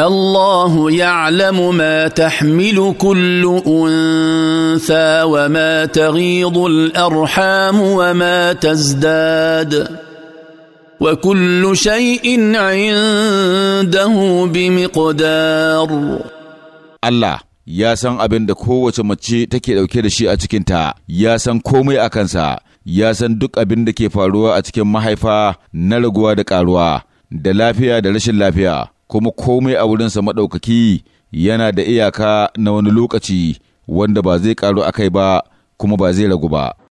الله يعلم ما تحمل كل انثى وما تغيض الارحام وما تزداد وكل شيء عنده بمقدار الله ya san abin da kowace mace take ɗauke da shi a cikinta, ya san komai a kansa, ya san duk abin da ke faruwa a cikin mahaifa na raguwa da ƙaruwa, da lafiya da rashin lafiya. kuma komai a wurinsa maɗaukaki yana da iyaka na wani lokaci wanda ba zai ƙaru a kai ba kuma ba zai ragu ba.